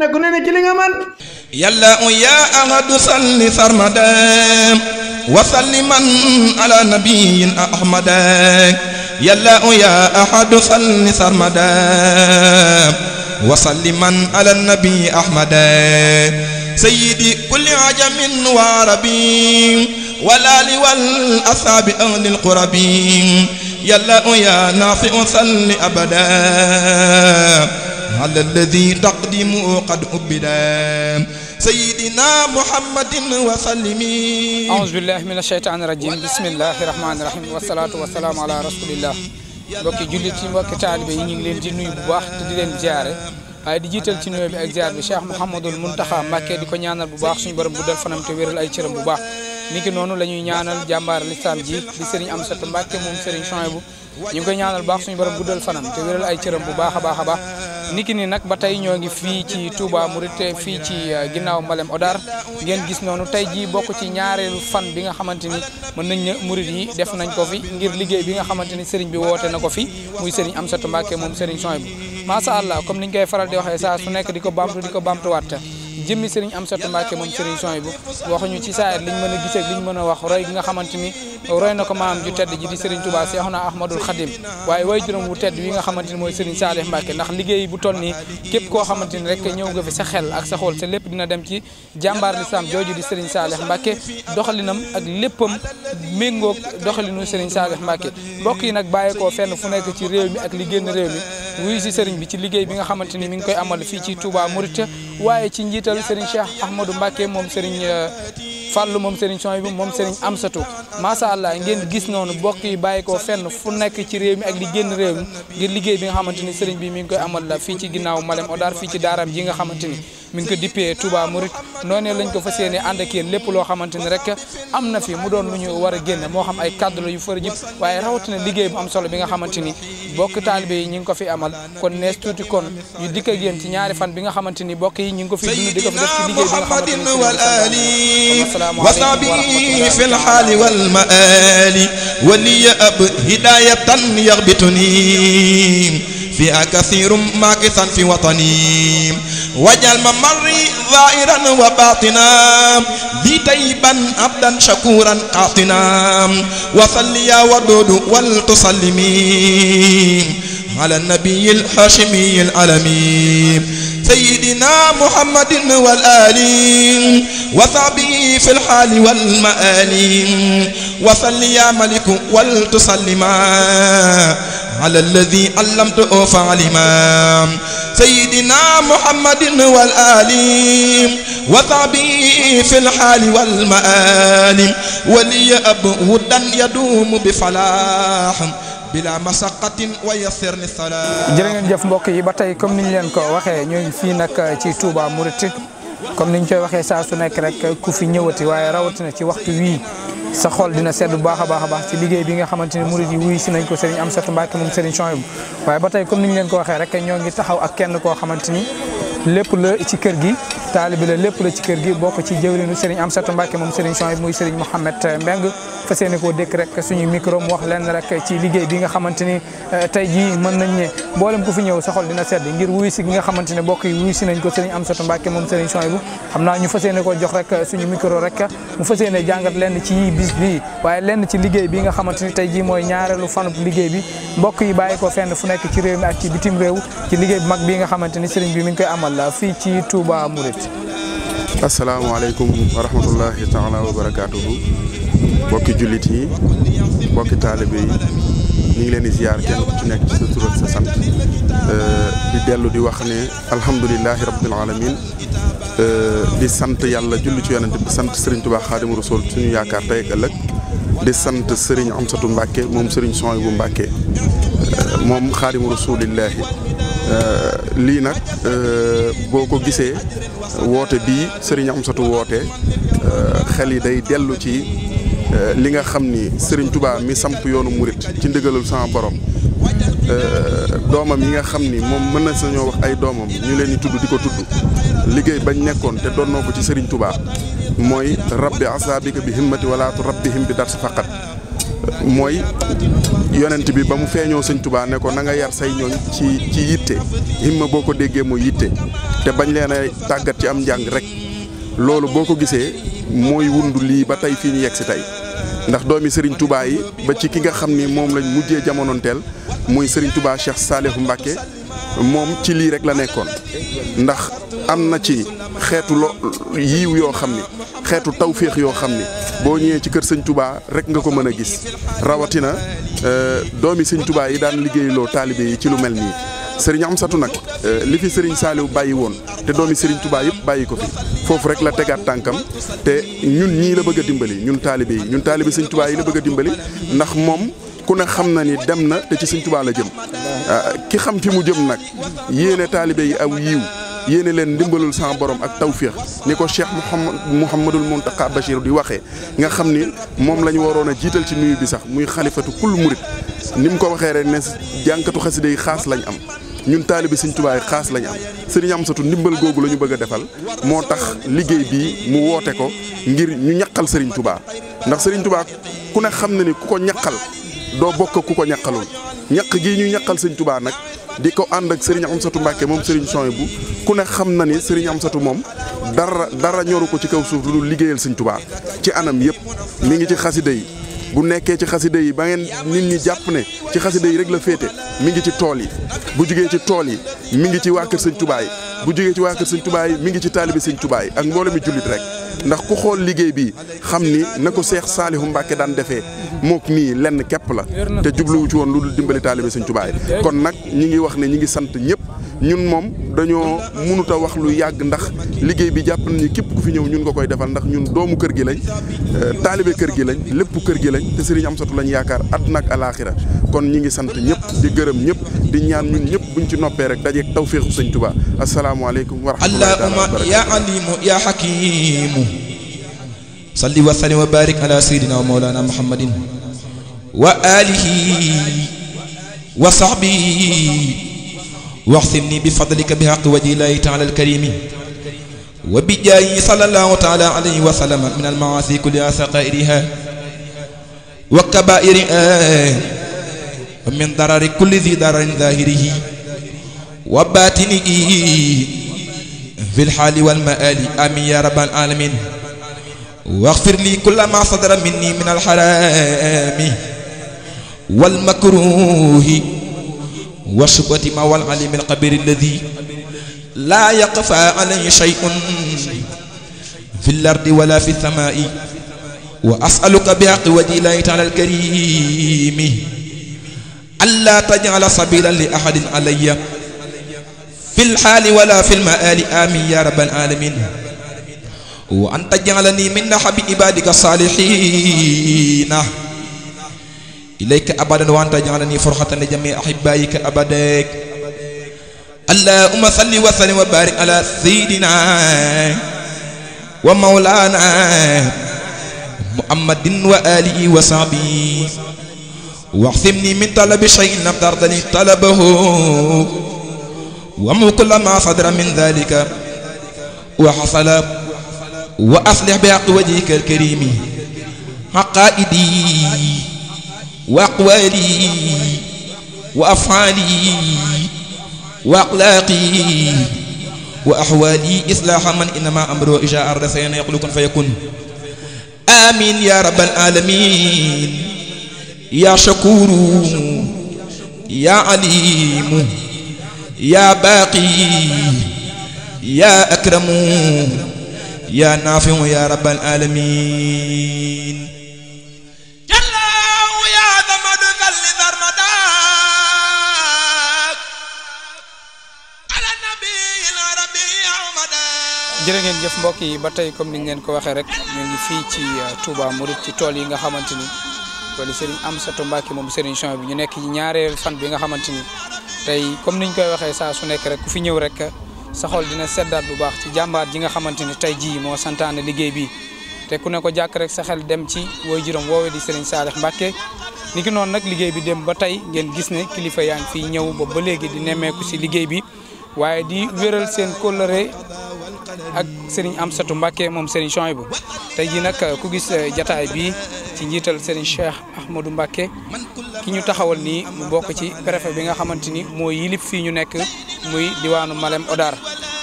ne ku ne ci li nga man yàlla u yaa ahadu salli sarmada wa salliman ala nabiyin ahmada yàlla u yaa ahadu salli sarmada wa salliman ala nabi ahmada sayyidi kulli ajamin wa rabbi والآل والأصحاب أهل القرب يلا يا نافع صل أبدا على الذي تقدم قد عبدا سيدنا محمد وسلم اعوذ بالله من الشيطان الرجيم بسم الله الرحمن الرحيم والصلاه والسلام على رسول الله بوكي جوليتي بوكي طالب يي نغي لين دي نوي بو واخ تي دي لين زيار اي دي جيتال تي نوي بي زيار بي شيخ محمد المنتخى مكه ديكو نيانال بو واخ سوني بروم بو دال فنام تي ويرال اي تيرم بو واخ نيكي نونو لا نيو نيانال جامبار الاسلام جي دي سيرن ام سات مكه موم سيرن شويبو نيغي نيانال باخ سوني بروم بو دال فنام تي ويرال اي تيرم بو باخا باخا باخ niki ni nag ba tey ñoo ngi fii ci Touba Mouride fii ci uh, ginnaaw Malem Odar ngeen gis noonu tey jii bokk ci ñaareelu fan bi nga xamante ni mën nañ ne yi def nañ ko fi ngir liggéey bi nga xamante ni sëriñ bi woote na ko fi muy sëriñ Amsatou Mbacke moom sëriñ Sohaybu macha allah comme niñ koy faral di waxee saa su nekk di ko bamtu di ko bamtuwaat jëmmi sëriñ Amsatu Mbàkke moom sëriñ son bu waxuñu ci saayir liñ mën a gis ak liñ mën a wax roy gi nga xamante ni roy na ko maam ju tedd ji di sëriñ sa xel ak sa sa lépp dina dem ci jàmbaar lislaam jooju di sëriñ Saalix Mbàkke doxalinam ak léppam méngoog doxalinu sëriñ Saalix Mbàkke mbokk yi nag bàyyi ko fenn fu nekk ci réew mi ak li génn réew mi wuyu si sëriñ bi ci liggéey bi nga xamante ni mi ngi koy amal fii ci Tuubaa Murit waaye ci njiital Serigne Cheikh Ahmadou Mbacke moom Serigne euh, fàllu moom sëriñ Soy bi moom sëriñ Amsatu macha allah ngeen gis noonu bokk yi bàyyi ko fenn fu nekk ci réew mi ak li génn réew mi ngir liggéey bi nga xamante ni sëriñ bi mi ngi koy amal la fii ci ginnaaw Malem Odar fii ci daaraam ji nga xamante ni mi ngi ko dippee Touba Mouride noonee ko fas yéene lépp loo xamante ni am na fi mu doon lu ñu war a génne moo xam ay kàddu yu fër jib waaye rawatina liggéey bu am solo bi nga xamante ni bokk taalibe yi ñu ngi ko fi amal kon nees tuuti kon dikk ak yéen ci ñaari fan bi nga xamante ni bokk yi ñu ngi ko fi dund di ko fi def ci liggéey bi nga xamante وصابي في الحال والمآل ولي أب هداية يغبطني فيها كثير ماكثا في وطني وجعل ممري ظاهرا وباطنا بي تيبا عبدا شكورا اعطنا وصل يا ودود ولتسلمي على النبي الهاشمي العلمي سيدنا محمد والآلين وصحبه في الحال والمآلين وصل يا ملك ولتسلما على الذي علمته فعلما سيدنا محمد والآلين وصحبه في الحال والمآلين ولي أب ودا يدوم بفلاح jërë ngeen jëf mbokk yi ba tey comme niñ leen ko waxee ñooñu fii nag eh, ci Touba Mouride comme niñ koy waxee saa su nekk rek eh, ku fi ñëwati waaye rawatina ci waxtu wii sa xol dina sedd bu baax a baax ci liggéey bi nga xamante ne murid yi wuy si nañ ko Serigne Amsatou Mbacké moom Serigne Chouaïbou waaye ba tey comme niñ leen ko waxee rek ñoo ngi taxaw ak kenn koo xamante ni lépp la ci kër gi taalibi la lépp la ci kër gi bokk ci jëwriñu Serigne Amsatou Mbacke moom Serigne Chouaib muy Serigne Mohamed Mbeng fa seeni koo dékk rek suñu micro mu wax leen rek ci liggéey bi nga xamante ni euh, tey jii mën nañ ne mboolem ku fi ñëw sa dina sedd ngir wuyu si gi nga xamante ne bokk yi wuyu si nañ ko Serigne Amsatou Mbacke moom Serigne Chouaib xam naa ñu fa seeni koo jox rek suñu micro rek lenn ci liggéey bi nga xamante ni tey jii mooy ñaareelu fanub liggéey bi bokk yi bàyyi ko fenn fu nekk ci réew mi ak ci bitim réew ci liggéey bu mag bi nga xamante ni bi mi koy amal allah fii ci Touba Mouride. asalaamaaleykum wa rahmatullahi taala wa barakaatuhu mbokki jullit yi mbokki taalibe yi ñu ngi leen di ziar kenn ku ci nekk ci sa sant di dellu di wax ne alhamdulilahi rabbil alamin di sant yàlla julli ci yonent di sant Serigne Touba Xaadimu Rasuul suñu yaakaar tey ak ëllëg di sant Serigne Amsatu Mbàkke moom Serigne Soy bu Mbàkke moom Xaadimu Rasulillahi Euh, lii nag euh, boo ko gisee woote bii Serigne Amsatou woote euh, xel yi day dellu ci li nga xam ni sëriñ Touba mi samp yoonu murit ci ndigalul sama borom doomam yi nga xam ni moom mën na sañoo wax ay doomam ñu leen di tudd di ko tudd liggéey bañ nekkoon te doon noo ko ci sëriñ Touba mooy rabbi asabika bi himmati walaatu rabbihim bi dar sa faqat mooy yonent bi ba mu feeñoo sëñ tubaa ne ko na nga yar say ñooñ ci ci yitte himma boo ko déggee mooy yitte te bañ leen a tàggat ci am njàng rek loolu boo ko gisee mooy wundu lii ba tey fii ñu yegg si tey ndax doomi sëriñ tubaa yi ba ci ki nga xam ni moom lañ mujjee jamononteel muy sëriñ tubaa Cheikh Saliou Mbacké moom ci lii rek la nekkoon ndax am na ci xeetu lo yoo xam ni xeetu tawféex yoo xam ni boo ñëwee ci kër sëñ tubaa rek nga ko mën a gis rawatina euh, doomi sëñ tubaa yi daan liggéeyloo taalibe yi ci lu mel nii sëriñ Amsatu nag euh, li fi sëriñ Saaliw bàyyi woon te doomi sëriñ tubaa yëpp bàyyi ko fi foofu rek la tegaat tànkam te ñun ñii la bëgg dimbali ñun taalibe yi ñun taalibe sëñ tubaa yi la bëgg dimbali ndax moom ku ne xam na ni dem na te ci sëñ tubaa la jëm ah, ki xam fi mu jëm nag yéene taalibe yi yéene leen ndimbalul saa borom ak tawféex ni ko Cheikh Mouhamad Mouhamadul Mountakha Bachir di waxee nga xam ni moom la ñu waroon a jiital ci nuyu bi sax muy xalifatu kull murit ni mu ko waxee rek ne jànkatu xasida yi xaas lañ am ñun taalibi Sëñ Tuubaa yi xaas lañ am sëriñ Amsatu ndimbal googu la ñu bëgg a defal moo tax liggéey bii mu woote ko ngir ñu ñaqal sëriñ Tuubaa ndax sëriñ Tuubaa ku ne xam na ni ku ko ñaqal doo bokk ku ko ñaqalul ñaq gii ñu ñaqal Sëñ Tuubaa nag di ko ànd ak Serigne Amsatou Mbacke moom Serigne bu ku ne xam na ni Serigne Amsatou moom dara dara ñoru ko ci kaw suuf lu dul liggéeyal Serigne Touba ci anam yëpp mi ngi ci xasida yi bu nekkee ci xasida yi ba ngeen nit ñi jàpp ne ci xasida yi rek la féete mi ngi ci tool yi bu jigee ci tool yi mi ngi ci waa kër Serigne Touba bu jógee ci waa kër sëñ Touba yi mi ngi ci taalibe sëñ Touba ak mbooloo mi jullit rek ndax ku xool liggéey bi xam ni na ko Seex Saalihu Mbàkke daan defee mook nii lenn képp la te jubluwu ci woon lu dul dimbali taalibe sëñ tubaay kon nag ñi ngi wax ne ñi ngi sant ñëpp ñun moom dañoo mënut wax lu yàgg ndax liggéey bi jàpp nañu képp ku fi ñëw ñun nga koy defal ndax ñun doomu kër gi lañ euh, taalibe kër gi lañ lépp kër gi lañ te sëriñ Amsatu lañ yaakaar àdduna ak alaaxira kon ñi ngi sant ñëpp di gërëm ñëpp di ñaan ñun ñëpp buñ ci noppee rek dajeeg tawféexu sëñ Touba asalaam السلام عليكم ورحمة الله وبركاته اللهم يا عليم يا حكيم صل وسلم وبارك على سيدنا ومولانا محمد وآله وصحبه واحسني بفضلك بحق وجه الله تعالى الكريم وبجاه صلى الله تعالى عليه وسلم من المعاصي كلها سقائرها وكبائرها ومن ضرر كل ذي ضرر ظاهره وباتني في الحال والمآل آمين يا رب العالمين واغفر لي كل ما صدر مني من الحرام والمكروه والشبهة ما والعليم القبير الذي لا يقفى عليه شيء في الأرض ولا في السماء وأسألك بحق وجه الله تعالى الكريم ألا تجعل سبيلا لأحد علي في الحال ولا في المآل آمين يا رب العالمين وأن تجعلني من حب عبادك الصالحين إليك أبدا وأن تجعلني فرحة لجميع أحبائك أبدا اللهم صل وسلم وبارك على سيدنا ومولانا محمد وآله وصحبه واحسمني من طلب شيء لم ترضني طلبه وامو كل ما صدر من ذلك وحصل وأصلح بعق وجهك الكريم عقائدي وأقوالي وأفعالي وأخلاقي وأحوالي إصلاح من إنما أمره إجاء الرسين كن فيكون آمين يا رب العالمين يا شكور يا عليم yaa baaqi yaa akramu yaa naafiu yaa rabbal aalamiin jallaahu yaa samadu salli sarmadak ala nabiyil rabbi amadak jërë ngeen jëf mbokk yi ba tey comme niñ leen ko waxee rek ñu fii ci uh, Touba Mouride ci tool yi nga xamante ni wala Serigne Amsatou Mbacké moom Serigne Chouaïbou bi ñu nekk ci fan bi nga xamante ni tey comme niñ koy waxee saa su nekk rek ku fi ñëw rek sa xol dina seddaat bu baax ci jàmbaar ji nga xamante ni tey jii moo santaane liggéey bi te ku ne ko jàkk rek sa xel dem ci woy juróom woowee di Serigne Saliou mbakke ni ki noonu nag liggéey bi dem ba tey ngeen gis ne kilifa yaa ngi fiy ñëw ba ba léegi di nemmeeku si liggéey bi waaye di wéral seen kóllëre ak Serigne Amsatou Mbacké moom Serigne Chouaïbou tey jii nag ku gis eh, jataay bi ci njiital Serigne Cheikh Ahmadou Mbacké ki ñu taxawal nii mu bokk ci préfet bi nga xamante ni moo yilip fii ñu nekk muy diwaanu Malem odaar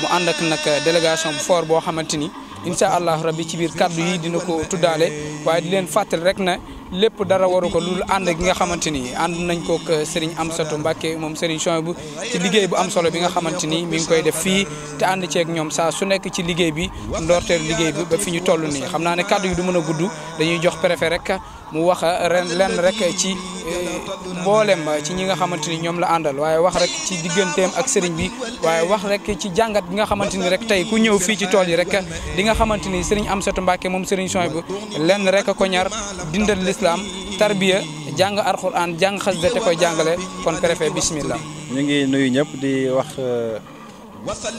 mu ànd ak nag délégation fort boo xamante ni incha allah rabbi ci biir kàddu yi dina ko tuddaale waaye di leen fàttali rek na lépp dara waru ko loolu ànd gi nga xamante ni ànd nañ ko ak Serigne Amsatou Mbacke moom Serigne bu ci liggéey bu am solo bi nga xamante ni mi ngi koy def fii te ànd ceeg ñoom saa su nekk ci liggéey bi ndoorteelu liggéey bi ba fi ñu toll nii xam naa ne kàddu yi du mën a gudd dañuy jox préfet rek mu wax ren len rek ci eh, mbollem ci ñi nga xamanteni ñom la andal waye wax rek ci digeentem ak sëriñ bi waye wax rek ci jangat bi nga xamanteni rek tay ku ñew fi ci tool yi rek di nga xamanteni ni am Amsatu mbake mom sëriñ Soy bu len rek ko ñar dindal l'islam tarbiya jang alquran jang xasida te koy jangale kon préfet bismillah ñi ngi nuyu ñep di wax eh,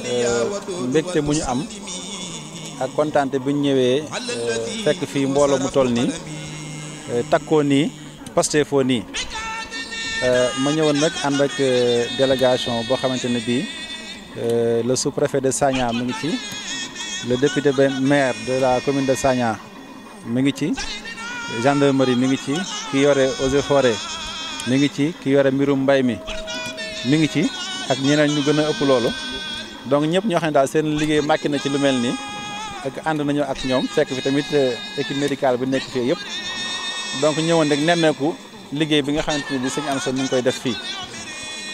eh, mbekté mu ñu am ak kontante bu ñu fekk fi mbolo mu toll ni Euh, takkoo nii Pastefoo nii euh, ma ñëwoon nag ànd ak euh, délégation boo xamante ne bii le sous-préfet de Sagna mi ngi ci le député maire de la commune de Sagna mi ngi ci gendarmerie mi ngi ci ki yore eaux et mi ngi ci ki yore mbirum mbay mi mi ngi ci ak ñeneen ñu gën a ëpp loolu donc ñëpp ñoo xam ne daal seen liggéey màcc na ci lu mel nii ak ànd nañu ak ñoom fekk fi tamit équipe médicale bi nekk fi yëpp donc ñëwoon rek nemmeeku liggéey bi nga xamante ne bii sëñ Amsa mi ngi koy def fii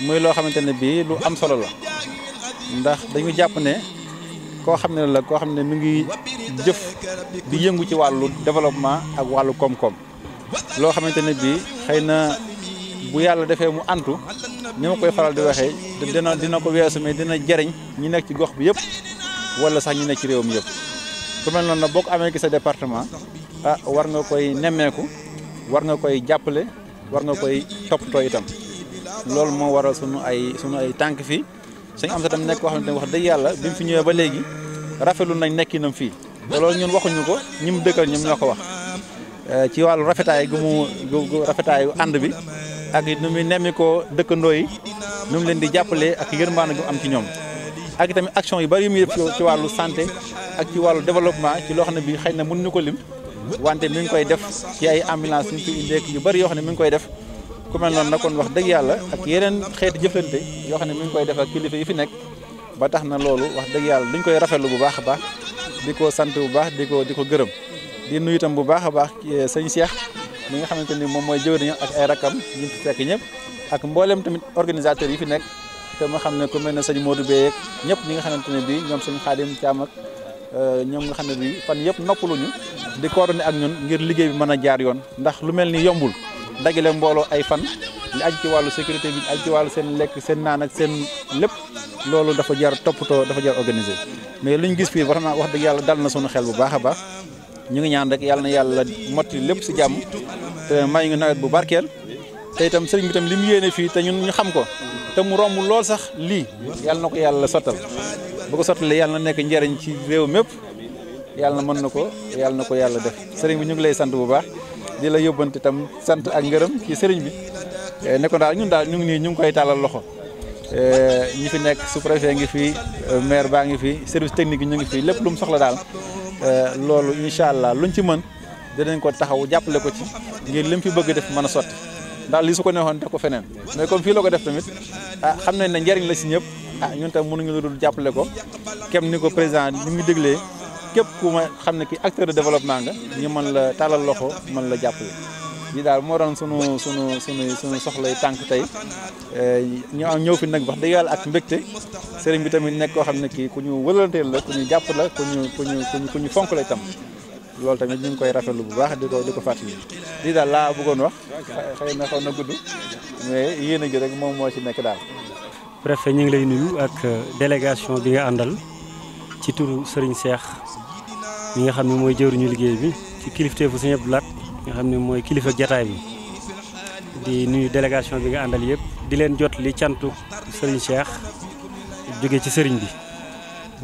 muy loo xamante ne bii lu am solo la ndax dañu jàpp ne koo xam ne la koo xam ne mi ngi jëf yëngu ci wàllu développement ak wàllu koom loo xamante ne bii xëy na bu yàlla defee mu antu ni ma koy faral di waxee dina dina ko weesu mais dina jariñ ñu nekk ci gox bi yëpp wala sax ñu nekk ci réew mi yëpp ku mel noonu nag boo ko amee ki sa département ah war nga koy nemmeeku. war nga koy jàppale war nga koy toppatoo itam loolu moo waral sunu ay sunu ay tànk fii sëñ am sa tam nekk wax ne wax dëgg yàlla bi ñëwee ba léegi rafetlu nañ nekkinam fii te loolu ñun waxuñu ko ñi mu dëkkal ñoom ñoo ko wax eh, ci wàllu rafetaay gu rafetaayu ànd bi ak nu muy nemmi ko dëkkandoo yi nu mu leen di jàppale ak yërmaande gu am ci ñoom ak itamit action yu bari yu muy def ci wàllu santé ak ci wàllu développement ci loo xam ne bi xëy na mënuñu ko lim wante mi ngi koy def ci ay ambulance ñu fi ak yu bari yo xam mi ngi koy def ku mel non na kon wax deug yalla ak yeneen xéet jëfënte yo xam mi ngi koy def ak kilifa yi fi nek ba tax na lolu wax deug yalla duñ koy rafetlu bu baax a baax diko sante bu baax diko diko gëreum di nuyu tam bu baax a baax eh, señ Cheikh mi nga xamanteni mom moy jëwëri ak ay rakam ñu ci tek ñëpp ak mbollem tamit organisateur yi fi nek te ma xam ku mel ne sëñ Modou beek ñëpp ñi nga xamanteni bi ñom señ khadim Xaadim ak ñom nga xamné bi fan yëpp luñu di coordonner ak ñun ngir liggéey bi mëna jaar yoon ndax lu melni ni yombul dagale mbolo ay fan li aj ci walu sécurité bi aj ci walu sen lek sen nan ak sen lepp lolu dafa jaar toppatoo dafa jaar organiser mais luñu gis fi vraiment wax yalla dal na sunu xel bu baaxa ñu ngi ñaan rek yalla na yalla motti lepp si jamm te may nga nawet bu barkel te itam sëriñ bi tam li mu fi fii te ñun ñu xam ko te mu romb lool sax li yalla nako yalla sotal boo ko sottalee yàlla na nekk njariñ ci réew mépp yàlla na mën na ko yàlla na ko yàlla def sëriñ bi ñu ngi lay sant bu baax di la yóbbante tam sant ak ngërëm ci sëriñ bi eh, ne daal ñun daal ñu ngi nii ñu ngi koy tàllal loxo eh, ñi fi nekk sous-préfet ngi fi eh, maire baa ngi fi service technique yi ñu ngi fi lépp lu mu soxla daal loolu incha allah lu luñ ci mën dinañ ko taxaw jàppale ko ci ngir lim fi bëgg def mën a sotti ndax lii su ko neexoon def ko feneen mais comme fii la ko def tamit ah xam nañ ne njariñ la si ñëpp ah ñun tam mënuñu lu dul jàppale ko kem ni ko président ñu ngi déglee képp ku ma xam ne ki acteur de développement nga ñu mën la tàllal loxo man la jàppale yi daal moo doon sunu sunu sunu sunu soxlay tànk tey eh, ñu ñëw fi nag wax dëgg yàlla ak mbégte sëriñ bi tamit nekk koo xam ne kii ku ñu wëlanteel la ku ñu jàpp la ku ñu ku ñu ku ñu fonk la itam loolu tamit ñu ngi koy rafetlu bu baax di ko di ko fàttali lii daal laa bëggoon wax xëy na xaw na gudd mais yéen a ji rek moom moo ci nekk daal préfet ñu ngi lay nuyu ak euh, délégation bi nga andal ci turu Serigne Cheikh mi nga xamni moy mooy jëruñu liggéey bi ci kilifté fu Abdou blat nga xamni moy kilifa jotaay bi di nuyu délégation bi nga andal yépp di leen jot li ciantu Serigne Cheikh jóge ci Serigne bi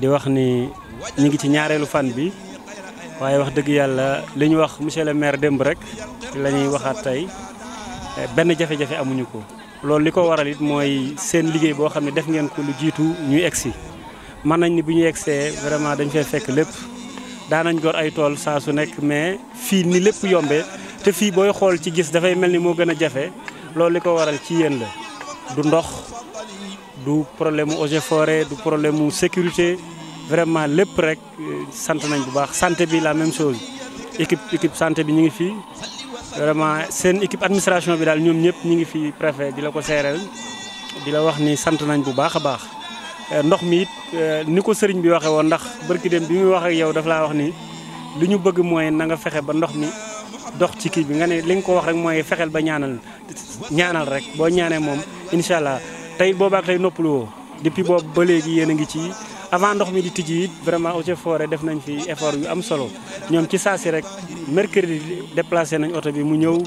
di wax ni ñi ngi ci ñaarelu fan bi waye wax deug yalla liñ wax monsieur le maire demb rek la waxat tay eh, ben jafé jafe-jafe amuñu ko loolu li ko waral it mooy seen liggéey ne def ngeen ko lu jiitu ñuy egsi mën nañ ni bu ñu egsee vraiment dañ fay fekk ay su mais fii ni lépp yombee te fii booy xool ci gis dafay mel ni moo a waral ci la du du problème aux du problème sécurité vraiment rek euh, nañ santé la même chose équipe équipe santé bi ngi vraiment seen équipe administration bi daal ñoom ñëpp ñu ngi fi préfet di la ko seereel di la wax ni sant nañ bu baax a baax euh, ndox mi it euh, ni ko sëriñ bi waxee woon ndax barki dem bi muy waxee ak yow dafa laa wax ni lu ñu bëgg mooy nanga fexe ba ndox mi dox ci kii bi nga ne li nga ko wax rek mooy fexeel ba ñaanal ñaanal rek boo ñaanee moom incha allah tey boobaak tey noppalu woo depuis boobu ba léegi yéen a ngi ci avant ndox mi di tijji vraiment au et forêt def nañ fi effort yu am solo ñom ci sasi rek mercredi déplacer nañ auto bi mu ñew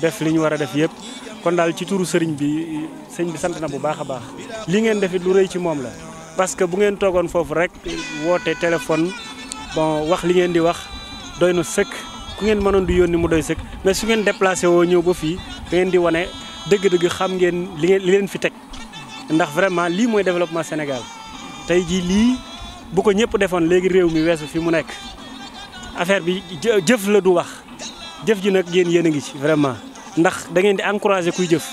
def liñ wara def yépp kon dal ci touru sëriñ bi sëñ bi sant na bu baaxa baax li ngeen def lu reuy ci mom la parce que bu ngeen togon fofu rek woote téléphone bon wax li ngeen di wax doyna na ku ngeen mënon di yoni mu doy sëkk mais su ngeen déplacer wo ñew ba fi ngeen di deug deug xam ngeen li ngeen li leen fi tek ndax vraiment li moy développement Sénégal tey jii lii bu ko ñëpp defoon léegi réew mi weesu fi mu nekk affaire bi jëf la du wax jëf ji nag yéen yéen a ngi ci vraiment ndax da ngeen di encourager kuy jëf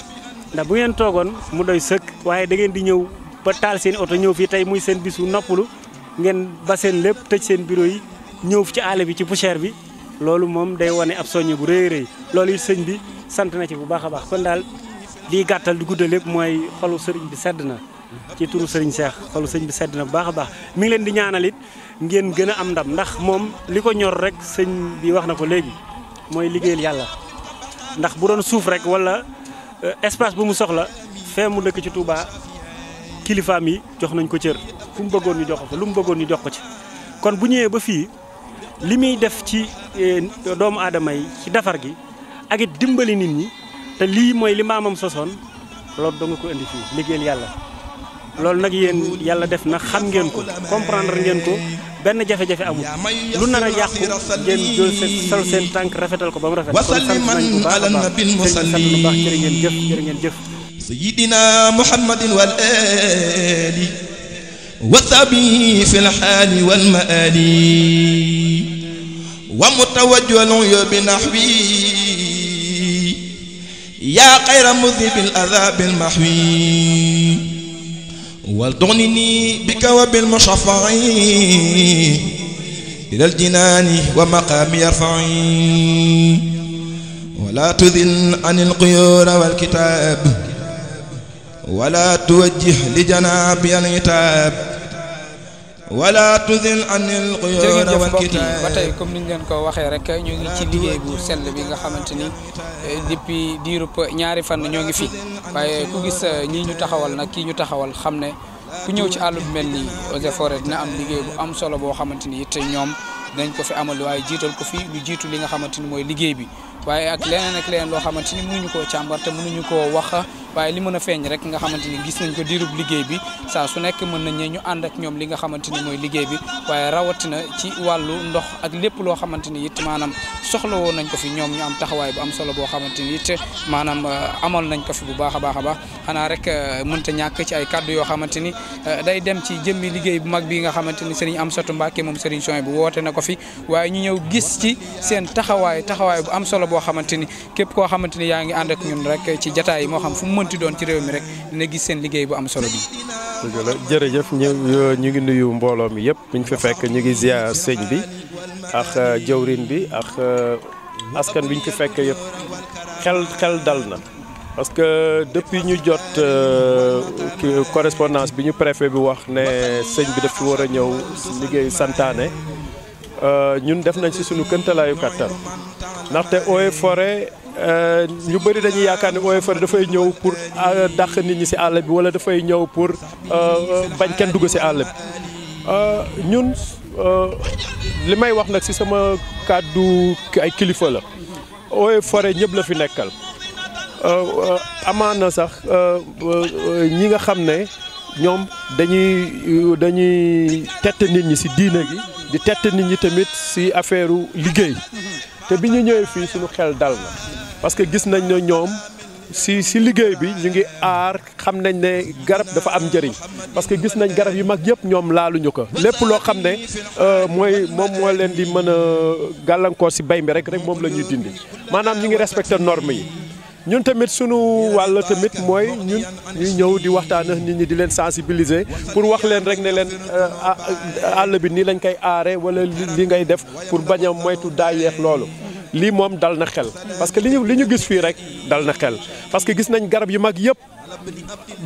ndax bu ngeen toogoon mu doy sëkk waaye da ngeen di ñëw ba taal seen oto ñëw fii tey muy seen bisu noppulu ngeen ba seen lépp tëj seen bureau yi ñëw ci àll bi ci poussière bi loolu moom day wane ab soññ bu rëy rëy loolu it sëñ bi sant na ci bu baax a baax kon daal di gàttal di guddal lépp mooy xolu sëriñ bi sedd na ci turu sering cheikh xolu sering bi sedd na baax baax mi ngi len di ñaanalit ngeen gëna am ndam ndax mom liko ñor rek serigne bi wax na ko léegi mooy liggéeyal ndax bu doon suuf rek wala eh, espace bu mu soxla fe mu dëkk ci Touba kilifa mi jox nañ ko cër fu mu bëggoon ñu jox ko lu mu bëggoon ñu jox ko ci kon bu ñëwee ba fi limi def ci eh, doomu adamay ci dafar gi ak dimbali nit ñi te li moy li nga ko indi fi yalla loolu nag yéen yàlla def na xam ngeen ko comprendre ngeen ko benn jafe-jafe amul lu nar a yàqu ngeen seen sol rafetal ko ba mu rafet kon sant nañ bu baax a baax sant bu baax jërë ngeen jëf jërë ngeen jëf sayidina muhammadin ali wa sabi fi lxaali wal maali wa mutawajjalun yo bi naxwi yaa xayra mudibil adhabil mahwi واردنني بك وبالمشرفع إلى الجنان ومقام يرفعي ولا تذل عن القيور والكتاب ولا توجه لجناب العتاب wala tuzil anil xuyuura wal kitaab ba tey comme niñ leen ko waxee rek ñu ngi ci liggéey bu sell bi nga xamante ni eh, depuis diirub ñaari fan ñoo ngi fi waaye ku gis eh, ñii ñu taxawal nag kii ñu taxawal xam ne ku ñëw ci àll bu mel nii eaux et dina am liggéey am solo boo xamante ni it ñoom dinañ ko fi amal waaye jiital ko fi lu jiitu li nga xamante ni mooy liggéey bi waaye ak leneen ak leneen loo xamante ni mënuñu koo càmbar te ñu koo wax. waaye li mën a feeñ rek nga xamante ni gis nañ ko diirub liggéey bi saa su nekk mën nañ ñu ànd ñoom li nga xamante ni mooy liggéey bi waaye rawatina ci wàllu ndox ak lépp loo xamante ni it maanaam soxla woon nañ ko fi ñoom ñu taxawaay bu am solo boo xamante ni it maanaam uh, amal nañ ko fi bu baax a baax a baax xanaa rek uh, mënta ñàkk ci ay kàddu yoo xamante ni uh, day dem ci jëmmi liggéey bu mag bi nga xamante ni Serigne Amsatou Mbacké moom Serigne Soy bu woote na ko fi waaye ñu ñëw gis ci seen taxawaay taxawaay bu am solo boo xamante ni képp koo xamante ni yaa ngi ànd ak ñun rek ci jataay yi mënti doon ci réew mi rek dina gis seen liggéey bu am solo bi. jërëjëf ñu euh, ñu ngi nuyu mbooloo mi yëpp ñu fi fekk ñu ngi ziar sëñ bi ak euh, jëwrin bi ak euh, askan bi ñu fi fekk yëpp xel xel dal na. parce que depuis ñu jot correspondance bi ñu préfet bi wax ne sëñ bi daf fi war a ñëw liggéey santaane ñun def nañ si suñu këntalaayu kàttan ndaxte eaux et Euh, ñu bari dañuy yaakaar ne OFR fay ñëw pour euh, dàq nit ñi si àll bi wala fay ñëw pour euh, bañ kenn dugg si àll bi ñun li may wax nag si sama kàddu ay kilifa la OFR ñëpp la fi nekkal amaan sax ñi nga xam ne ñoom dañuy dañuy tett nit ñi si diina gi di tett nit ñi tamit si affaire liggéey te bi ñu ñëwee fii suñu xel dal na parce que gis nañ ne ñoom si si liggéey bi ñu ngi aar xam nañ ne garab dafa am njëriñ parce que gis nañ garab yi mag yëpp ñoom laaluñu ko lépp loo xam ne euh, mooy moom moo leen di mën a gàllankoor si bay mi rek rek moom la ñuy dindi maanaam ñu ngi respecté normes yi ñun tamit sunu wàll tamit mooy ñun ñuy ñëw di waxtaan ak nit ñi di leen sensibiliser pour wax leen rek ne leen euh, bi lañ koy wala li ngay def pour bañ a moytu daayeex loolu lii dal na xel parce que li gis fii rek dal na xel parce que gis nañ garab yu mag yëpp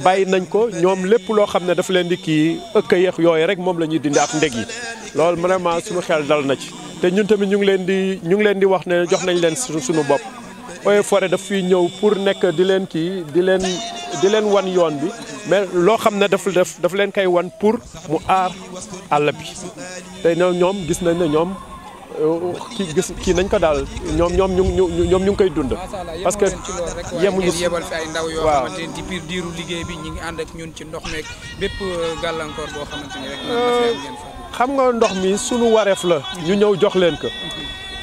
bay nañ ko ñoom lépp loo xam ne dafa leen di kii ëkk yeex rek moom la dindi ak ndeg yi vraiment suñu xel dal na ci te ñun tamit ñu ngi leen di ñu ngi leen di wax ne jox nañ leen suñu Eaux et Forêts daf fiy ñëw pour nekk di leen kii di leen di leen wan yoon bi mais loo xam ne daf def daf leen koy wan pour mu aar àll bi te ñoom gis nañ ne ñoom euh, kii gis kii nañ ko daal ñoom ñoom ñu ñu ñoom ñu ngi koy dund. parce que yemuñu si yebal ay ndaw yoo xamante ne ci biir diiru liggéey bi ñu ngi ànd ak ñun ci ndox meeg bépp euh, gàllankoor boo euh, xam nga ndox mi sunu wareef la. ñu ñëw jox leen ko.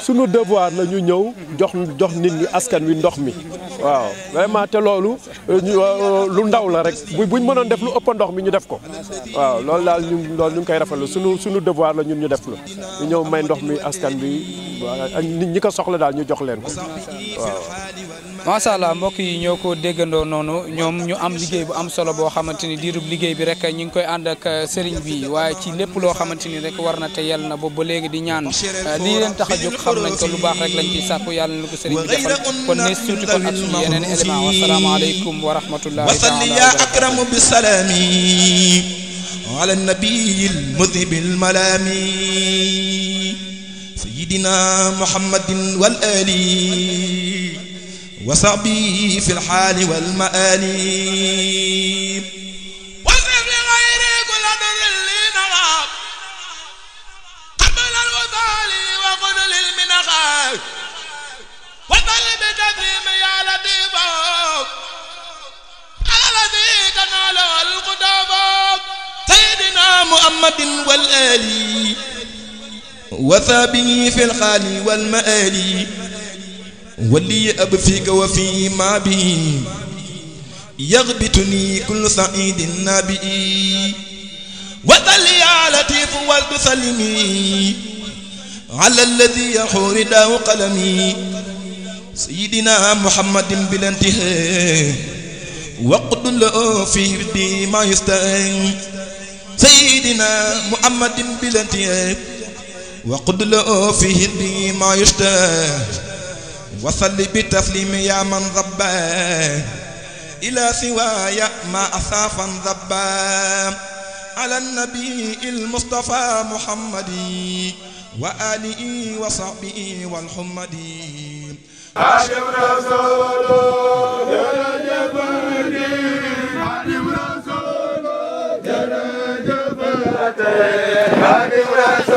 suñu devoir la ñu ñëw jox jox nit ñi askan wi ndox mi waaw vraiment te loolu euh, euh, euh, lu ndaw la rek bu mën mënoon def lu ëpp ndox mi ñu def ko waaw loolu daal ñu loolu ñu koy rafetlu suñu suñu devoir la ñun ñu def la ñu ñëw may ndox mi askan bi ak nit ñi ko soxla daal ñu jox leen ko waaw allah mbokk yi ñoo ko déggandoo noonu ñoom ñu am liggéey bu am solo boo xamante ni diirub liggéey bi rek ñu ngi koy ànd ak sëriñ bi waaye ci lépp loo xamante ni rek war na te yàlla na boobu ba léegi di ñaan lii leen xam nañ ko lu baax rek lañ ciy sàkku yàlla na ko sëriñ bi defal kon ne suuti kon ak suñu yeneen élément wa salaamu aleykum wa rahmatullahi taala ya akramu bi salaami ala nabiyi lmudhibi lmalami sayidina muhammadin wal ali wa sahbihi fi lxaali walmaali محمد والآل وفى به في الحال والمآل ولي أب فيك وفي ما به يغبطني كل سعيد نبي وصلي يا لطيف سلمي على الذي يحور داه قلمي سيدنا محمد بلا انتهاء وقد له في ما يستعين سيدنا محمد بلنتي وقد له فيه به ما يشتهى وصل بتسليم يا من ضبى إلى سواي ما أصافا ضبى على النبي المصطفى محمد وآله وصحبه والحمد هاشم رسول يا جبرني هاشم رسول جل Hare Krishna.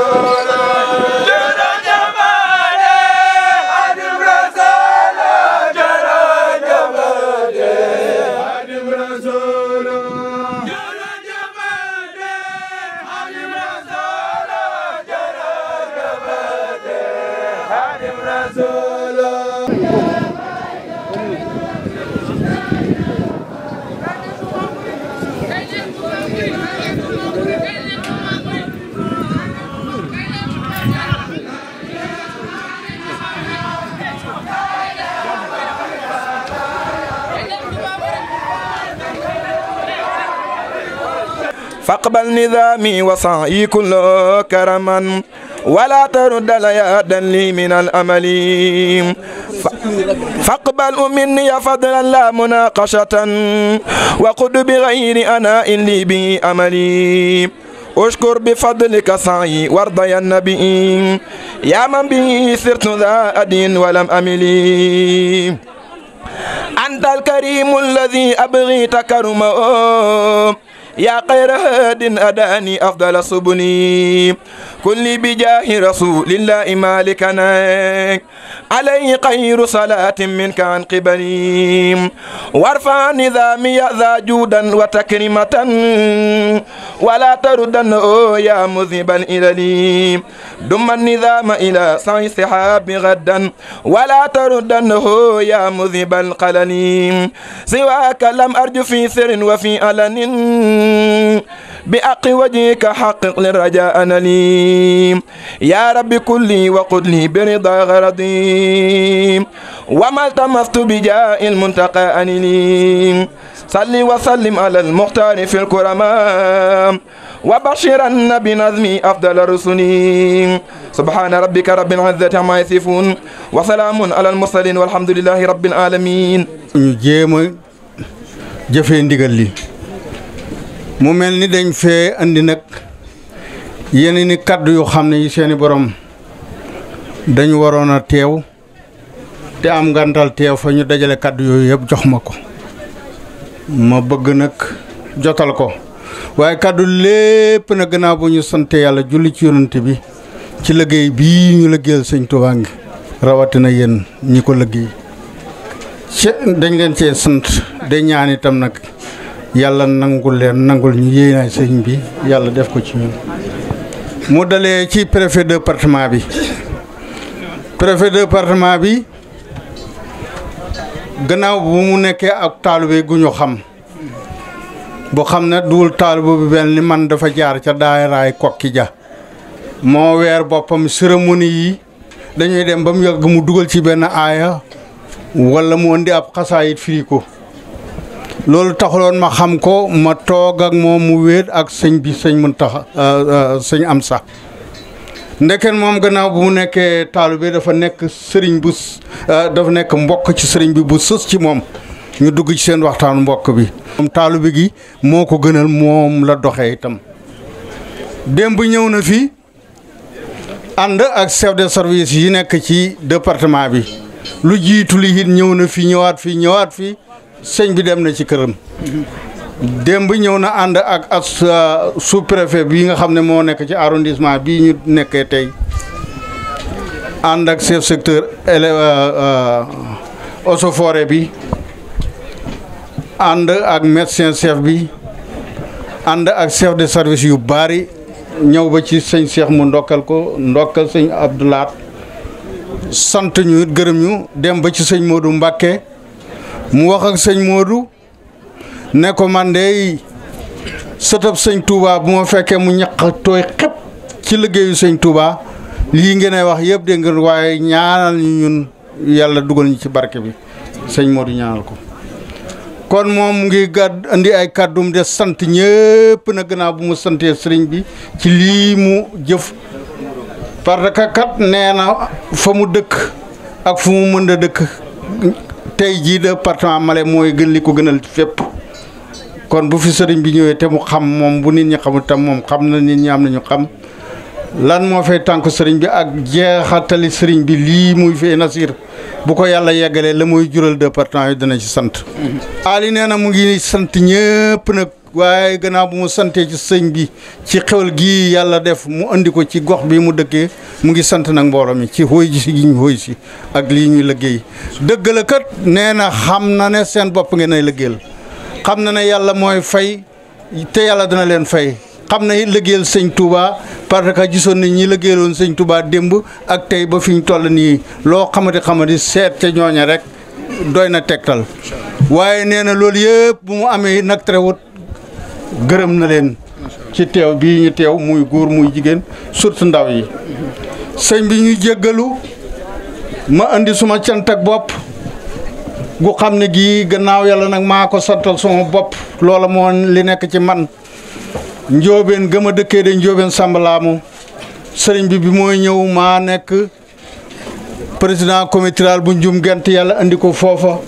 فاقبل نظامي وصائي كل كرما ولا ترد ليادا لي من الامل فاقبل مني فضلا لا مناقشه وقد بغير ان لي به املي أشكر بفضلك صائي وارضى يا النبي يا من به سرت ذا أدين ولم أملي أنت الكريم الذي أبغي تكرمه يا خير هاد أداني أفضل صبني كل بجاه رسول الله مالكنا عليه خير صلاة منك عن قبلي وارفع نظامي ذا جودا وتكريمة ولا تردن يا مذيبا إلى لي دم النظام إلى صعي سحاب غدا ولا تردنه يا مذيبا قلني سواك لم أرجو في سر وفي ألن بأق وجهك حقق للرجاء نليم يا رب كلي وقد لي برضا غرضي وما التمست بجاء المنتقى أنليم صلي وسلم على المختار في الكرماء وبشرن بنظم أفضل الرسل سبحان ربك رب العزة عما يصفون وسلام على المرسلين والحمد لله رب العالمين جيم جفين ديغال mu mel ni dañ fee indi nag yeneen kàddu yu xam ne yi seeni borom dañu waroon a teew te am ngantal teew fa ñu dajale kàddu yooyu yëpp jox ma ko ma bëgg nag jotal ko waaye kàddu lépp na gannaaw ñu sante yàlla julli ci yonante bi ci liggéey bii ñu liggéeyal sëñ Tuubaa ngi rawatina yéen ñi ko liggéey dañ leen cee sant de ñaan itam nag yàlla nangul leen nangul ñu yéenaay sëñ bi yàlla def ko ci ñun mu dalee ci préfet de département bi préfet de département bi gannaaw bu mu nekkee ak taalibe gu ñu xam bu xam ne duul taalibe bi benn ni man dafa jaar ca daayiraay kokki ja moo weer boppam cérémonie yi dañuy dem ba mu yàgg mu dugal ci benn aaya walla mu indi ab xasaayit firi ko loolu taxuloon ma xam ko ma toog ak moom mu wéet ak sëñ bi sëñ Muntaxa euh, euh, sëñ am sax ndeken moom gannaaw bu mu nekkee taalibe dafa nekk sëriñ bu euh, dafa nekk mbokk ci sëriñ bi bu sës ci moom ñu dugg ci seen waxtaanu mbokk bi moom taalibe gi moo ko gënal moom la doxee itam bu ñëw na fi ànd ak chef de service yi nekk ci département bi lu jiitu li ñëw na fi ñëwaat fi ñëwaat fi sëñ bi dem na ci këram démb ñëw na ànd ak as uh, sous bi nga xam ne moo nekk ci arrondissement bii ñu nekkee tey ànd ak chef secteur uh, uh, eaux et forêt bi ànd ak médecin chef bi ànd ak chef de service yu bari ñëw ba ci sëñ Cheikh mu ndokkal ko ndokkal sëñ Abdoulaat sant ñu it gërëm ñu dem ba ci sëñ Modou Mbacké mu wax ak seigne Modou ne ko man de sëtëb seigne Touba bu mo fekke mu ñak toy xep ci liggeyu seigne Touba li ngeene wax yeb de ngeen waaye ñaanal ñun yalla dugal ñu ci barke bi seigne Modou ñaanal ko. kon mom mu ngi gad andi ay kaddum de sante ñepp na gëna bu mu sante sëriñ bi ci li mu jëf parce que kat neena na fa mu dëkk ak fu mu mën tey jii département Malem mooy gën li ko gënal fépp kon bu fi sëriñ bi ñëwee te mu xam moom bu nit ñi xamul tam moom xam na nit ñaam am nañu xam lan moo fay tànk sëriñ bi ak jeexatali sëriñ bi lii muy fi nasir bu ko yàlla yeggalee la muy jural département yi dana ci sant. Mm-hmm. Ali nee mu ngi sant ñëpp nag. waaye ganaaw bu mu santee ci sëñ bi ci xewal gii yàlla def mu indi ko ci gox bi mu dëkkee mu ngi sant nag mbooloo mi ci xooy si gi ñu si ak lii ñuy liggéey dëgg la kat nee na xam na ne seen bopp ngeen ay liggéeyal xam na ne yàlla mooy fay te yàlla dina leen fay xam na it liggéeyal sëñ Touba parce que gisoon nañ ñi liggéeyaloon sëñ Touba démb ak tey ba fi ñu toll nii loo xamadi xamati seet ca ñooña rek doy na tegtal waaye nee na loolu bu mu amee nag gërëm na leen ci teew bii ñu teew muy góor muy jigéen surtout ndaw yi sëñ bi ñu jéggalu ma indi suma cant bopp gu xam ne gii gannaaw yàlla nag maa ko santal suma bopp loola moo li nekk ci man njóobeen gëm a dëkkee de njóobeen sambalaamu sëriñ bi bi mooy ñëw maa nekk président comité bu njuum gent yàlla indi ko foofa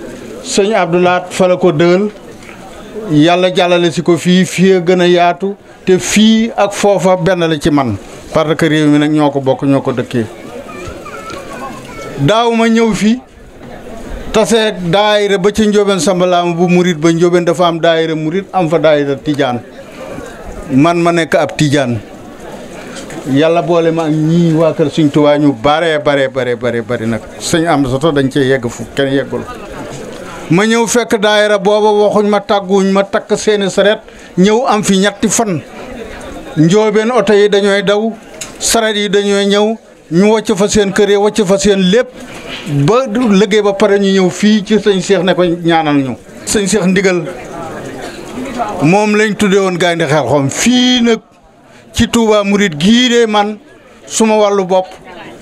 sëñ Abdoulaat fa la ko dël yàlla jàllale si ko fii fii gën a yaatu te fii ak foofa benn la ci man parce que réew mi nag ñoo ko bokk ñoo ko dëkkee daaw ma ñëw fii taseeg daayira ba ci njóobeen sambalaama bu murit ba njóobeen dafa am daayira murit am fa daayira tijaan man ma nekk ab tijaan yàlla boole ma ak ñii waa kër suñ tubaa ñu bare bare bare bare nag suñ am soto dañ cee yegg fu kenn yeggul ma ñëw fekk daayara booba waxuñ ma tàgguñ ma takk seeni saret ñëw am fi ñetti fan njoobeen oto yi dañooy daw saret yi dañooy ñëw ñu wocc fa seen kër yi wàcc fa seen lépp ba liggéey ba pare ñu ñëw fii ci sëñ Cheikh ne ko ñaanal ñu sëñ Cheikh ndigal moom lañ tuddee woon gaynde xel xom fii nag ci Touba Mouride gii de man suma wàllu bopp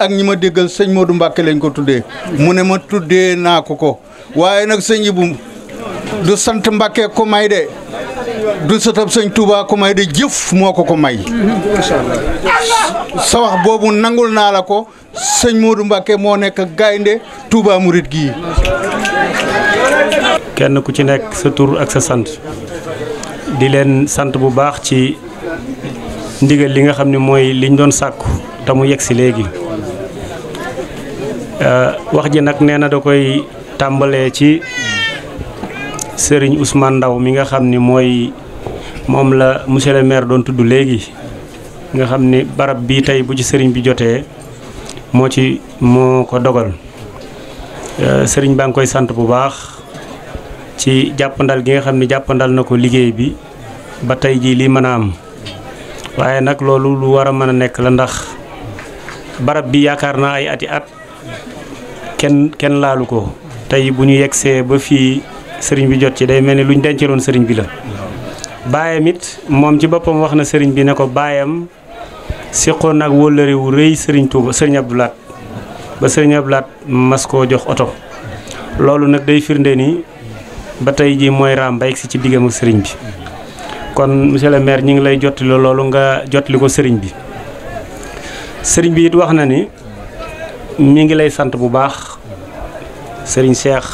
ak ñi ma déggal sëñ Modou Mbacke lañ ko tuddee mu ne ma tuddee naa ko ko waaye nag sëñ Ibou du sant Mbacke ko may de du satab sëñ Touba ko may de jëf moo ko ko may. sa wax boobu nangul naa la ko sëñ Modou Mbacke moo nekk gaynde Touba Murit gii. kenn ku ci nekk sa tur ak sa sant di leen sant bu baax ci ndigal li nga xam ne mooy liñ doon sàkku te mu yegg si léegi. Eh, wax ji nak neena da koy tàmbalee ci Serigne Ousmane Ndaw mi nga xamni ni mom la monsieur le maire don tuddu léegi nga xamni barab bi tay bu ci Serigne bi joté mo ci moko dogal eh, Serigne bang koy sante bu baax ci jappandal gi nga xamni jappandal nako bi ba tay ji li mën am waye nak lu wara nek la ndax barab bi yakarna ay ati at Ken ken laalu ko tey bu ñu yegsee ba fi sëriñ bi jot ci day melni ni lu sëriñ bi la baye mit mom ci bopam wax na sëriñ bi ne ko bayam siqoon nak wolere wu reey sëriñ Tuuba sëriñ abdoulat ba sëriñ abdoulat jox auto nak day firnde ni ba tay ji moy ram ba ci digam ak sëriñ bi kon monsieur le maire ñing lay jotti loolu nga jottali ko sëriñ bi sëriñ bi it wax ni mi ngi lay sante bu baax Serigne Cheikh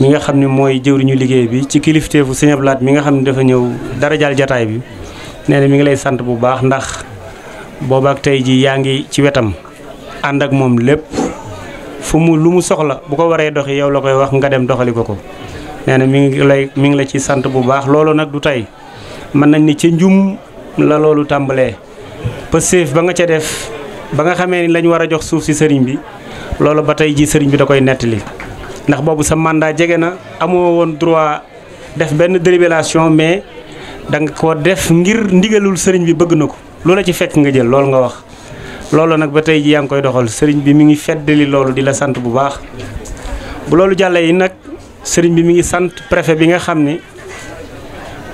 mi nga xamni moy mooy jëwriñu liggéey bi ci kilifteefu Sëñ Abdou Lahad mi nga xamni dafa ñew dara jaal jotaay bi neena mi ngi lay sante bu baax ndax boobaak tay ji yaangi ci wetam and ak moom lepp fu mu lu mu soxla bu ko waré doxi yow la koy wax nga dem doxali ko ko neena mi ngi lay mi ngi la ci sante bu baax lolo nak du tay man nañ ni ci njum la tambalé pe pëseef ba nga ca def ba nga xamé ni lañ wara jox suuf ci serigne bi lolo batay ji serigne bi da koy ndax bobu sa mandat na amu woon droit def ben délibération mais dang ko def ngir ndigalul sëriñ bi bëgg nako loolu ci fekk nga jël loolu nga wax loolu nak ba tey ji yang koy doxal sëriñ bi mi ngi fédeli loolu di la sante bu baax bu loolu jàllee yi nak sëriñ bi mi ngi sant préfet bi nga xamni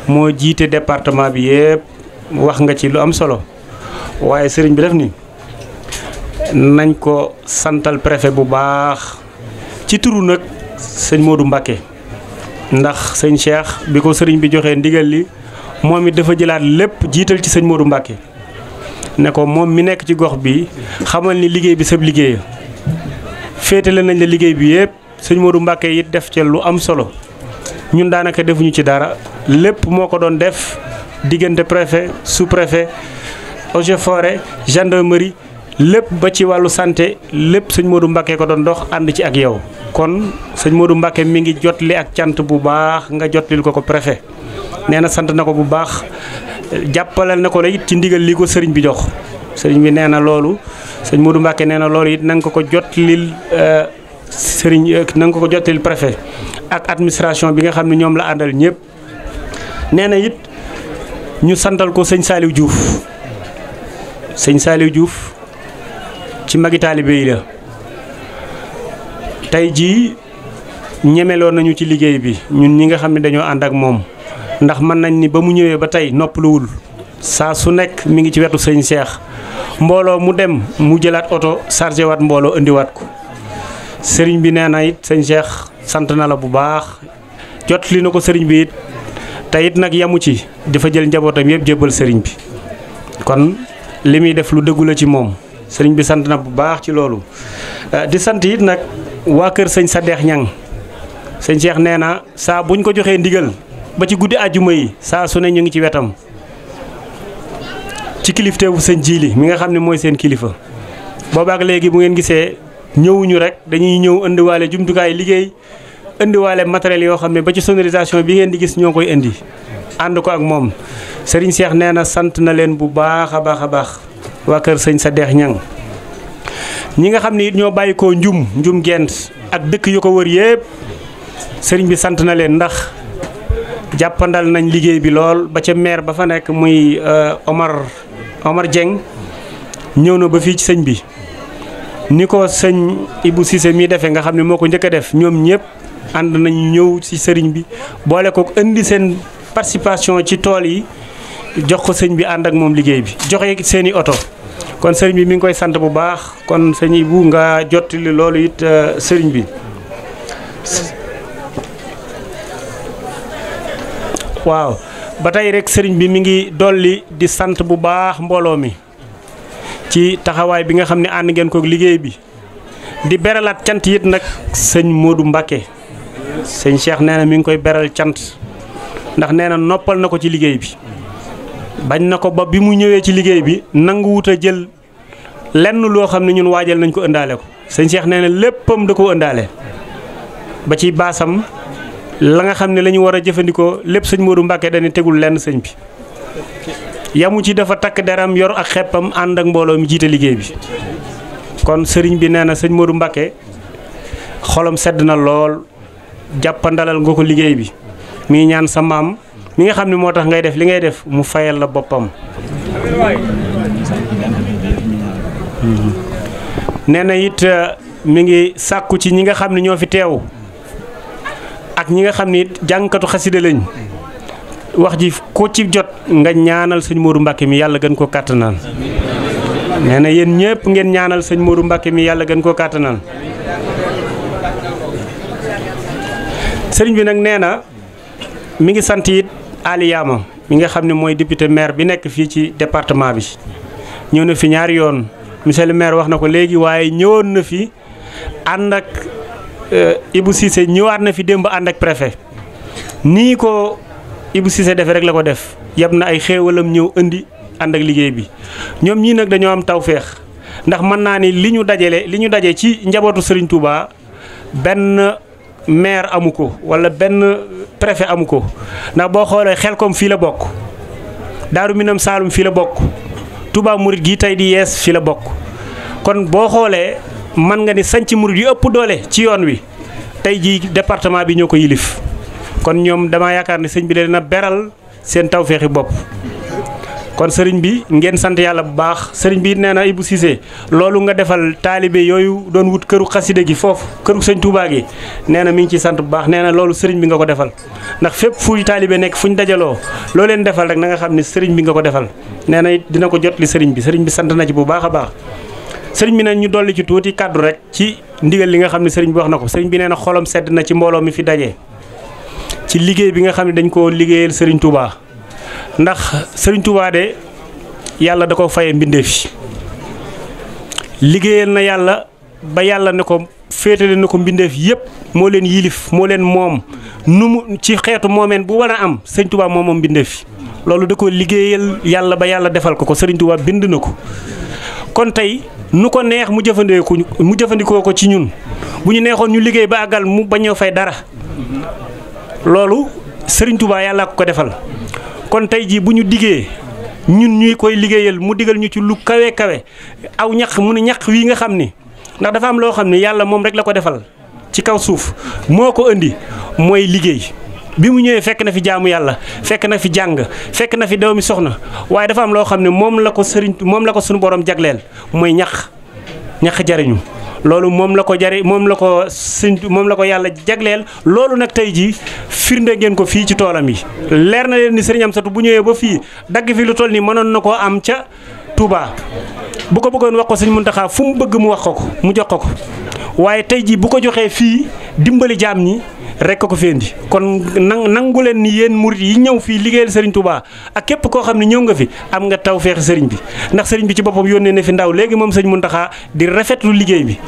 mo jité département bi yépp wax nga ci lu am solo waye sëriñ bi def ni nañ ko santal préfet bu baax ci turu nag sëñ Modou Mbacké ndax sëñ Cheikh bi ko sëriñ bi joxee ndigal li moom it dafa jëlaat lépp jiital ci sëñ Modou Mbacké ne ko moom mi nekk ci gox bi xamal ni liggéey bi sab liggéeya féetale nañ la liggéey bi yëpp sëñ Modou Mbacké it def ca lu am solo ñun daanaka defuñu ci dara lépp moo ko doon def diggante préfet sous préfet eaux et forêt gendarmerie lépp ba ci wàllu santé lépp sëñ Modou Mbacké ko doon dox ànd ci ak yow. kon señ modou mbake mi ngi jotli ak tiant bu baax nga jotlil ko ko préfet neena sant nako bu baax jappalal nako la it ci ndigal li ko serigne bi jox señ bi neena lolu señ modou mbake neena lolu it nang ko ko jotlil euh, señ euh, nang ko ko jotlil préfet ak administration bi nga xamni ñom la andal ñepp neena it ñu santal ko señ saliw diouf señ saliw diouf ci magi talibey la tey jii ñemeloon nañu ci liggéey bi ñun ñi nga xam ne dañoo ànd ak moom ndax mën nañ ni ba mu ñëwee ba tey noppaluwul saa su nekk mu ngi ci wetu sëñ Cheikh mbooloo mu dem mu jëlaat oto chargé waat mbooloo indiwaat ko sëriñ bi nee na it sëñ Cheikh sant na la bu baax jot li na ko sëriñ bi it te nag yamu ci dafa jël njabootam yëpp jébbal sëriñ bi kon li muy def lu dëggu la ci moom sëriñ bi sant na bu baax ci loolu di sant it nag. waa kër sëñ sa Sadex Ñang sëñ Cheikh nee na saa buñ ko joxee ndigal ba ci guddi àjjuma yi saa su ne ñu ngi ci wetam ci kilifteefu sëñ Jiili mi nga xam ne mooy seen kilifa boobaak léegi bu ngeen gisee ñëwuñu rek dañuy ñëw indiwaale jumtukaay liggéey indiwaale matériel yoo xam ne ba ci sonorisation bi ngeen di gis ñoo koy indi ànd ko ak moom Serigne Cheikh nee na sant na leen bu baax a baax a baax waa kër sëñ sa Sadex Ñang ñi nga xam ne it ñoo bàyyi koo njum njum gent ak dëkk yu ko wër yëpp sëriñ bi sant na leen ndax jàppandal nañ liggéey bi lool ba ca maire ba fa nekk muy euh, Omar Omar Dieng ñëw na ba fii ci sëñ bi ni ko sëñ Ibou Cissé mii defee nga xam ne moo ko njëkk a def ñoom ñëpp ànd nañ ñëw ci sëriñ bi boole ko indi seen participation ci tool yi jox ko sëñ bi ànd ak moom liggéey bi joxe seeni oto. kon sëriñ bi mi ngi koy sant bu baax kon sëñ bu nga jottali loolu it euh, sëriñ bi. waaw ba tey rek sëriñ bi mi ngi dolli di sant bu baax mbooloo mi ci taxawaay bi nga xam ne ànd ngeen ko liggéey bi di beralaat cant yit nag sëñ Modou Mbacké sëñ Cheikh nee na mi ngi koy beral cant ndax nee na noppal na ko ci liggéey bi. bañ nako ba bi mu ñëwé ci liggéey bi nang wuuta jël lenn lo xamni ñun waajal nañ ko ëndalé ko señ Cheikh néna leppam da ko ëndalé ba ci basam la nga xamni lañu wara jëfëndiko lepp señ Modou mbacké dañu tegul lenn señ bi yamu ci dafa tak deram yor ak xépam and ak mbolo mi jité liggéey bi kon señ bi néna señ Modou mbacké xolam sedd na lool jappandalal nga liggéey bi mi ñaan sa mam ni nga xamni motax ngay def li ngay def mu fayal la bopam hmm. neena na it euh, mi ngi sakku ci ñi nga xamni ño fi tew ak ñi nga xamni jankatu khasside lañ wax ji ko ci jot nga ñaanal señ Modou mbake mi yalla gën ko kàttanal neena yeen ñepp ngeen ñaanal señ Modou mbake mi yalla gën ko kàttanal señ bi nak neena mi ngi sant Aliyama mi nga xam ne mooy député maire bi nekk fii ci département bi ñëw na fi ñaari yoon monsieur le maire wax na ko léegi waaye ñëwoon na fi ànd ak euh, Ibou Cissé ñëwaat na fi démb ànd ak préfet nii ko Ibou Cissé defee rek la ko def yab na ay am ñëw indi ànd ak liggéey bi ñoom ñii nag dañoo am tawféex ndax mën naa ni li ñu dajale li ñu daje ci njabootu Serigne Touba benn. maire amu ko wala benn préfet amu ko ndax boo xoolee xel Xelkom fii la bokk Daaru Minam Saalum fii la bokk Touba Murit gi tey di yees fii la bokk kon boo xoolee mën nga ni sanc murit yu ëpp doole ci yoon wi tey jii département bi ñoo ko yilif kon ñoom dama yaakaar ne sëñ bi leen a beral seen tawféexi bopp kon sëriñ bi ngeen sant yàlla bu baax sëriñ bi nee na Ibou Cissé loolu nga defal taalibe yooyu doon wut këru xaside gi foofu këru sëñ Touba gi nee na mi ngi ciy sant bu baax nee na loolu sëriñ bi nga ko defal ndax fépp fuy taalibe nekk fuñ dajaloo loo leen defal rek na nga xam ne sëriñ bi nga ko defal nee na dina ko jot li sëriñ bi sëriñ bi sant na ci bu baax a baax sëriñ bi nag ñu dolli ci tuuti kàddu rek ci ndigal li nga xam ne sëriñ bi wax na ko sëriñ bi nee na xolom sedd na ci mbooloo mi fi daje ci liggéey bi nga xam ne dañ koo liggéeyal sëriñ Touba ndax sëriñ de yàlla da ko faye mbindeef yi liggéeyal na yàlla ba yàlla ne ko féetale na ko mbindeef yépp moo leen yilif moo leen moom nu mu ci xeetu moomeen bu war a am sëriñ Tuubaa moom moom mbindeef yi loolu da ko liggéeyal yàlla ba yàlla defal ko ko sëriñ bind na ko kon tey nu ko neex mu jëfandikoo mu jëfandikoo ko ci ñun bu ñu neexoon ñu liggéey ba àggal mu bañoo fay dara loolu sëriñtuwaa yàlla ko ko defal kon tey jii bu ñu diggee ñun ñuy koy liggéeyal mu digal ñu ci lu kawe kawe aw ñax mu ne ñax wii nga xam ni ndax dafa am loo xam ne yàlla moom rek la ko defal ci kaw suuf moo ko indi mooy liggéey. bi mu ñëwee fekk na fi jaamu yàlla fekk na fi jàng fekk na fi doomi soxna waaye dafa am loo xam ne moom la ko sëriñ moom la ko suñu borom jagleel mooy ñax ñax jariñu loolu moom la ko jari moom la ko suñ moom la ko yàlla jagleel loolu nag tey jii firnde ngeen ko fii ci toolam yi leer na leen ni sëriñ Amsatu bu ñëwee ba fii dagg fi lu toll nii mënoon na koo am ca tuubaa bu ko bëggoon wax ko sëñ Muntaxa fu mu bëgg mu wax ko ko mu jox ko ko waaye tey jii bu ko joxee fii dimbali jaam nii rek ko fi indi kon nang nangu leen ni yéen murit yi ñëw fii liggéeyal Serigne baa ak képp koo xam ne ñëw nga fi am nga taw feex Serigne bi ndax sëriñ bi ci boppam yónnee na fi ndaw léegi moom mu Mountakha di rafetlu liggéey bi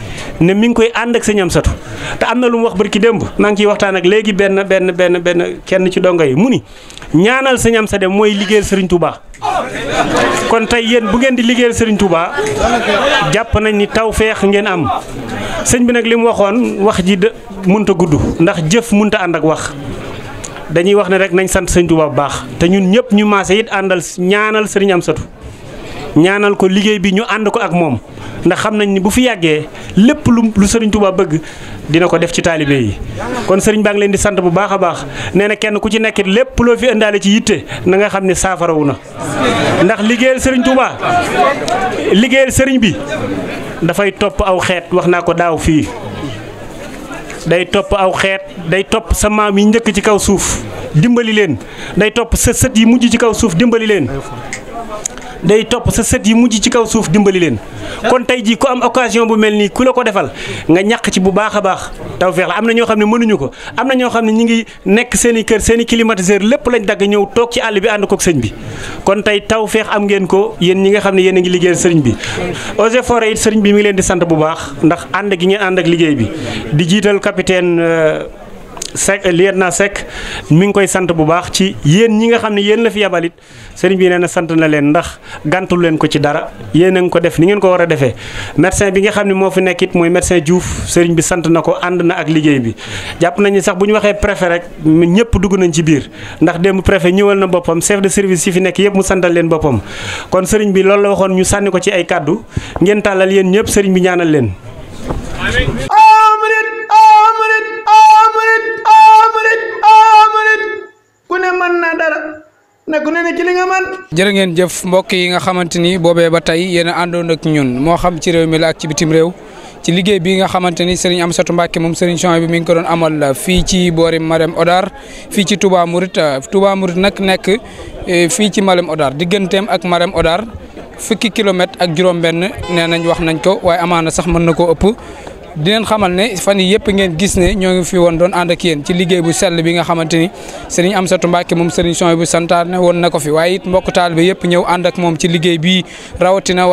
ne mi ngi koy ànd ak sëñ Amsatu te am na lu mu wax barki dem maa ngi ciy waxtaan ak léegi benn benn benn benn kenn ci dongo yi mu ni ñaanal sëñ Amsatu mooy liggéeyal Serigne Touba. kon tey yéen bu ngeen di liggéeyal Serigne Touba jàpp nañ ni taw feex ngeen am sëñ bi nag li mu waxoon wax ji de mënta gudd ndax jëf mënta ànd ak wax dañuy wax ne rek nañ sant Serigne Touba bu baax te ñun ñëpp ñu maase it àndal ñaanal am Amsatou ñaanal ko liggéey bi ñu ànd ko ak moom ndax xam nañ ni bu fi yàggee lépp lu sëriñ Serigne bëgg dina ko def ci taalibe yi kon Serigne baa ngi leen di sant bu baax a baax nee na kenn ku ci nekk lépp loo fi ëndaale ci yitte na nga xam ne saafarawu na ndax liggéeyal Serigne Touba liggéeyal sëriñ bi dafay topp aw xeet wax naa ko daaw fii day topp aw xeet day topp sa maam yi njëkk ci kaw suuf dimbali leen day topp sa sët yi mujj ci kaw suuf dimbali leen. day top sa di yi mujj ci kaw suuf dimbali leen kon tey jii ku am occasion bu mel nii ku la ko defal nga ñàq ci bu baax baax tawfeex la am na ñoo xam nyuko. am na ñoo xam ne ñi ngi nekk seen i kër seen i climatiseur lépp lañ dagg ñëw toog ci àll bi ànd bi kon am ngeen ko yéen ñi nga xam ne yéen a ngi liggéeyal sëriñ bi eaux et it bi mi ngi leen di sant bu baax ndax ànd gi ngeen ànd ak liggéey bi di jiital capitaine euh, Seck lieutenant Seck mi ngi koy sant bu baax ci yéen ñi nga xam ne la fi yabalit sëriñ bi nee na sant na leen ndax gàntul leen ko ci dara yéen a ngi ko def ni ngeen ko war a defee médecin bi nga xam ne moo fi nekk it mooy médecin Diouf sëriñ bi sant na ko ànd na ak liggéey bi jàpp nañu sax bu ñu waxee préfet rek ñëpp dugg nañ ci biir ndax démb préfet ñëwal na boppam chef de service yi fi nekk yëpp mu santal leen boppam kon sëriñ bi loolu la waxoon ñu sànni ko ci ay kàddu ngeen tàllal yéen ñëpp sëriñ bi ñaanal leen amrit amrit amrit nekk ne ne ci li nga man jërë ngeen jëf mbokk yi nga xamante ni boobee ba tey yéen a àndoon ak ñun moo xam ci réew mi la ak ci bitim réew ci liggéey bi nga xamante ni am Amsatou mbakki moom Serigne Chouaib bi mi ngi ko doon amal fii ci boori Malem Hodar fii ci tubaa Mouride Touba Mouride nag nekk eh, fii ci Malem odaar digganteem ak Malem Hodar fukki kilomètre ak juróom-benn nee nañ wax nañ ko waaye amaana sax mën na ko ëpp. di leen xamal ne fan yi yëpp ngeen gis ne ñoo ngi fi woon doon ànd ak yéen ci liggéey bu sell bi nga xamante ni sëriñ Amsatu Mbàkke moom sëriñ Son bu santaane woon na ko fi waaye it mbokk taal bi yëpp ñëw ànd ak moom ci liggéey bii rawatina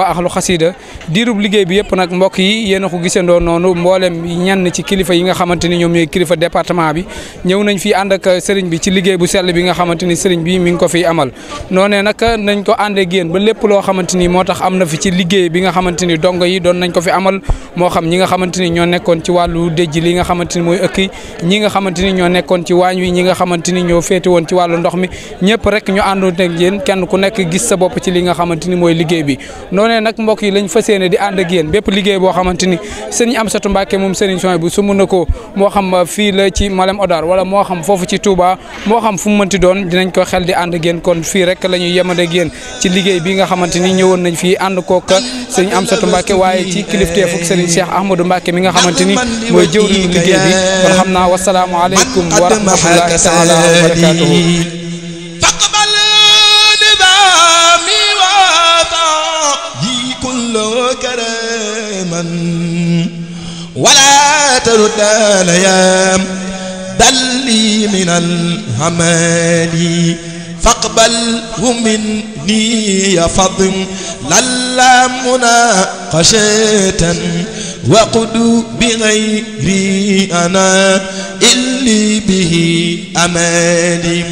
liggéey bi yëpp nag mbokk yi yéen a ko gisandoo noonu mboolem ñenn ci kilifa yi nga xamante ni ñoom ñooy kilifa département bi ñëw nañ fi ànd ak bi ci liggéey bu sell bi nga xamante ni sëriñ bi mi ngi ko fi amal noonee nag nañ ko ànd ak yéen ba lépp loo xamante ni moo tax am na fi ci liggéey bi nga xamante ni dongo yi doon nañ ko fi amal moo xam ñi nga xamante ni ñoo nekkoon ci wàllu déj li nga xamante ni mooy ëkk yi ñi nga xamante ñoo nekkoon ci waañ wi ñi nga xamante ni ñoo féete woon ci wàllu ndox mi ñëpp rek ñu àndoon ak kenn ku nekk gis sa bopp ci li nga xamante ni mooy liggéey bi noonee nag mbokk yi lañ fas yéene di ànd ak yéen bépp liggéey boo xamante ni sëriñ Amsatu Mbàkke moom sëriñ Soy bu su mun na ko moo xam fii la ci Malem Odar wala moo xam foofu ci Touba moo xam fu mu mënti doon dinañ ko xel di ànd ak kon fii rek la ñuy yemande ak yéen ci liggéey bi nga xamante ni ñëwoon nañ fii ànd kook sëriñ Amsatu Mbàkke waaye ci ليغا خامتيني موي جيوري ليغي بي فخمنا والسلام عليكم ورحمه الله تعالى وبركاته ولا ترد الايام دلي من الهمال فاقبله مني يا فضم لالا مناقشه وقدو بغيري أنا إلي به أمالي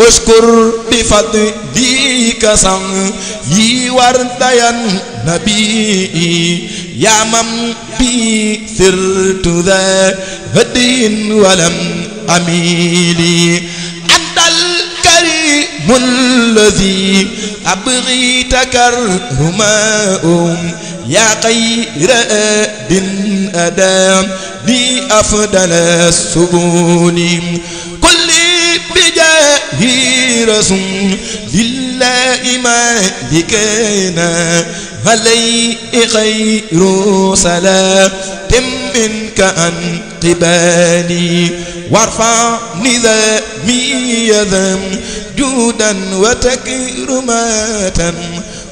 أشكر بفضلك سن يوردين نبي يا من بي سرت ذا بدين ولم أميلي أنت الكريم الذي أبغي تكرما يا خير ادم ادم بأفضل السبل كل بجاه رسول لله ما بكينا عليه خير تم منك عن قبالي وارفع نذامي يذم جودا وتكرماتا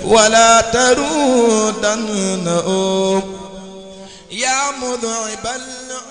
ولا ترودنهم يا مذعب